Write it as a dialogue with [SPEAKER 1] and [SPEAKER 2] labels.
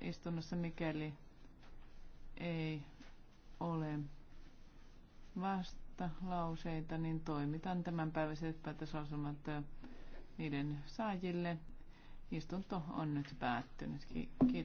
[SPEAKER 1] istunnossa, mikäli ei ole vasta lauseita, niin toimitan päiväiset päätöslausumat äh, niiden saajille. Istunto on nyt päättynyt. Kiitos.